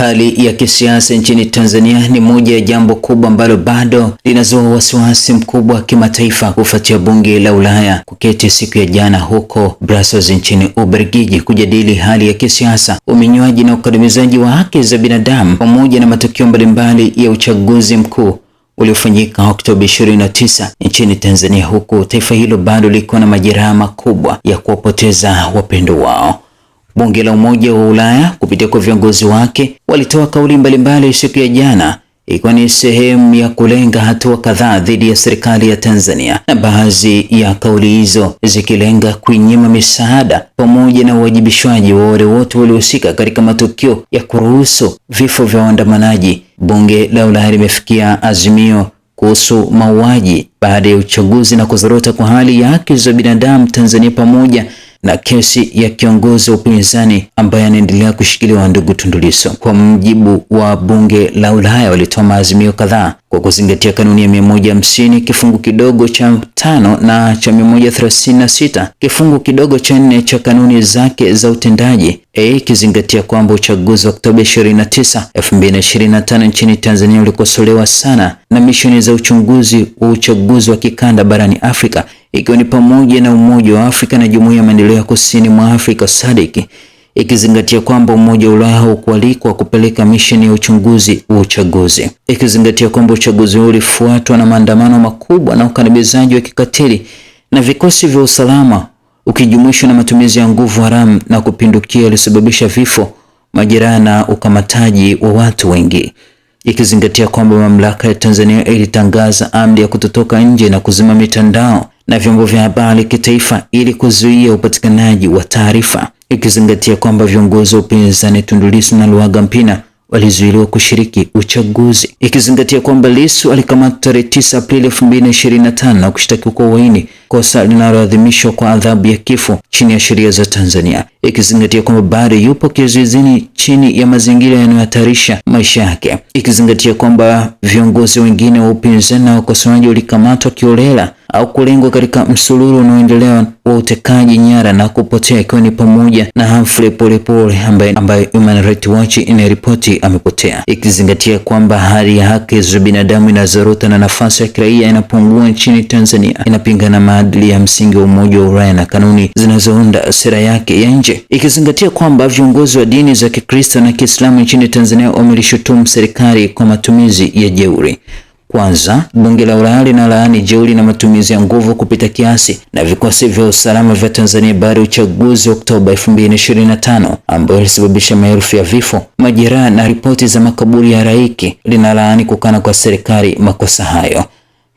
Hali ya kisiasa nchini Tanzania ni moja ya jambo kubwa ambalo bado linazua wasiwasi mkubwa wa kimataifa kufuatia bunge la Ulaya kuketi siku ya jana huko Brussels nchini Ubelgiji kujadili hali ya kisiasa, uminywaji na ukandamizaji wa haki za binadamu pamoja na matukio mbalimbali ya uchaguzi mkuu uliofanyika Oktoba 29 nchini Tanzania, huku taifa hilo bado liko na majeraha makubwa ya kuwapoteza wapendo wao. Bunge la Umoja wa Ulaya kupitia kwa viongozi wake walitoa kauli mbalimbali siku ya jana ikiwa ni sehemu ya kulenga hatua kadhaa dhidi ya serikali ya Tanzania, na baadhi ya kauli hizo zikilenga kuinyima misaada pamoja na uwajibishwaji wa wale wote waliohusika katika matukio ya kuruhusu vifo vya waandamanaji. Bunge la Ulaya limefikia azimio kuhusu mauaji baada ya uchaguzi na kuzorota kwa hali ya haki za binadamu Tanzania pamoja na kesi ya kiongozi wa upinzani ambaye anaendelea kushikiliwa ndugu Tundu Lissu. Kwa mjibu wa bunge la Ulaya, walitoa maazimio kadhaa kwa kuzingatia kanuni ya 150 kifungu kidogo cha tano na cha 136 kifungu kidogo cha nne cha kanuni zake za utendaji e, ikizingatia kwamba uchaguzi wa Oktoba 29, 2025 nchini Tanzania ulikosolewa sana na misheni za uchunguzi wa uchaguzi wa kikanda barani Afrika ikiwa ni pamoja na Umoja wa Afrika na Jumuiya ya Maendeleo ya Kusini mwa Afrika SADC ikizingatia kwamba Umoja wa Ulaya haukualikwa kupeleka misheni ya uchunguzi wa uchaguzi, ikizingatia kwamba uchaguzi huo ulifuatwa na maandamano makubwa na ukandamizaji wa kikatili na vikosi vya usalama ukijumuishwa na matumizi ya nguvu haramu na kupindukia yalisababisha vifo, majeraha na ukamataji wa watu wengi, ikizingatia kwamba mamlaka ya Tanzania ilitangaza amri ya kutotoka nje na kuzima mitandao na vyombo vya habari kitaifa ili kuzuia upatikanaji wa taarifa, ikizingatia kwamba viongozi wa upinzani Tundu Lissu na Luhaga Mpina walizuiliwa kushiriki uchaguzi, ikizingatia kwamba Lissu alikamatwa tarehe 9 Aprili 2025 na kushtakiwa kwa uhaini, kosa linaloadhimishwa kwa adhabu ya kifo chini ya sheria za Tanzania, ikizingatia kwamba bado yupo kizuizini chini ya mazingira yanayohatarisha maisha yake, ikizingatia kwamba viongozi wengine wa upinzani na wakosoaji walikamatwa kiolela au kulengwa katika msururu unaoendelea wa utekaji nyara na kupotea, ikiwa ni pamoja na Humphrey Polepole ambaye, ambaye Human Rights Watch inaripoti amepotea, ikizingatia kwamba hali ya haki za binadamu inazorota na nafasi ya kiraia inapungua nchini Tanzania, inapingana maadili ya msingi wa Umoja wa Ulaya na kanuni zinazounda sera yake ya nje, ikizingatia kwamba viongozi wa dini za Kikristo na Kiislamu nchini Tanzania wamelishutumu serikali kwa matumizi ya jeuri. Kwanza, bunge la Ulaya linalaani jeuri na matumizi ya nguvu kupita kiasi na vikosi vya usalama vya Tanzania baada ya uchaguzi wa Oktoba 2025 ambayo ilisababisha maelfu ya vifo, majeraha na ripoti za makaburi ya raiki. Linalaani kukana kwa serikali makosa hayo.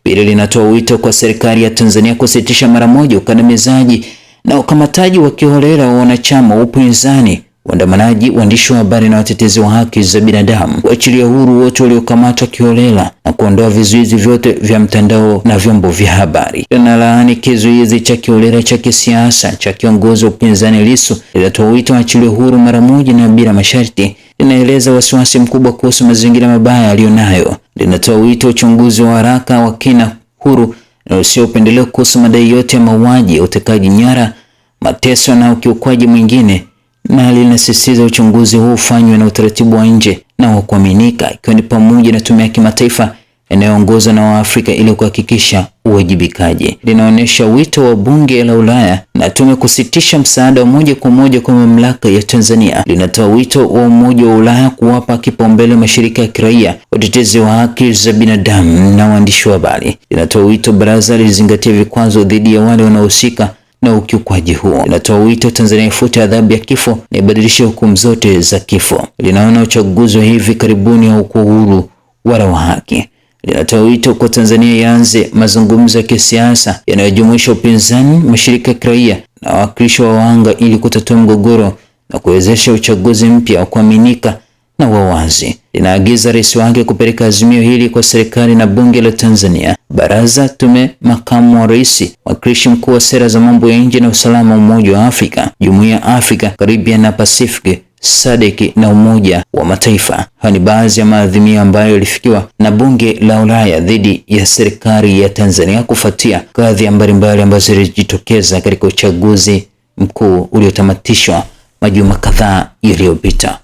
Pili, linatoa wito kwa serikali ya Tanzania kusitisha mara moja ukandamizaji na ukamataji wa kiholela wa wanachama upinzani Waandamanaji, waandishi wa habari na watetezi wa haki za binadamu waachilia huru wote waliokamatwa kiholela na kuondoa vizuizi vyote vya mtandao na vyombo vya habari. Linalaani kizuizi cha kiholela cha kisiasa cha kiongozi wa upinzani Lissu, linatoa wito waachilie huru mara moja na bila masharti. Linaeleza wasiwasi mkubwa kuhusu mazingira mabaya aliyonayo. Linatoa wito wa uchunguzi wa haraka wa kina, huru na usio upendeleo kuhusu madai yote ya mauaji, utekaji nyara, mateso na ukiukwaji mwingine na linasisitiza uchunguzi huu ufanywe na utaratibu wa nje na wa kuaminika, ikiwa ni pamoja na tume ya kimataifa inayoongozwa na Waafrika ili kuhakikisha uwajibikaji. Linaonyesha wito wa bunge la Ulaya na tume kusitisha msaada wa moja kwa moja kwa mamlaka ya Tanzania. Linatoa wito wa Umoja wa Ulaya kuwapa kipaumbele mashirika ya kiraia, watetezi wa haki za binadamu na waandishi wa habari. Linatoa wito baraza lilizingatia vikwazo dhidi ya wale wanaohusika na ukiukwaji huo. Linatoa wito Tanzania ifute adhabu ya kifo na ibadilishe hukumu zote za kifo. Linaona uchaguzi wa hivi karibuni haukuwa huru wala wa haki. Linatoa wito kwa Tanzania yanze mazungumzo ya kisiasa yanayojumuisha upinzani, mashirika ya kiraia na wawakilishi wa wahanga ili kutatua mgogoro na kuwezesha uchaguzi mpya wa kuaminika na wawazi linaagiza rais wake kupeleka azimio hili kwa serikali na bunge la Tanzania, baraza, tume, makamu wa rais, mwakilishi mkuu wa sera za mambo ya nje na usalama Umoja wa Afrika, Jumuiya ya Afrika Caribbean na Pacific, SADC na Umoja wa Mataifa. Hayo ni baadhi ya maadhimio ambayo yalifikiwa na bunge la Ulaya dhidi ya serikali ya Tanzania kufuatia kadhia mbalimbali ambazo zilijitokeza katika uchaguzi mkuu uliotamatishwa majuma kadhaa yaliyopita.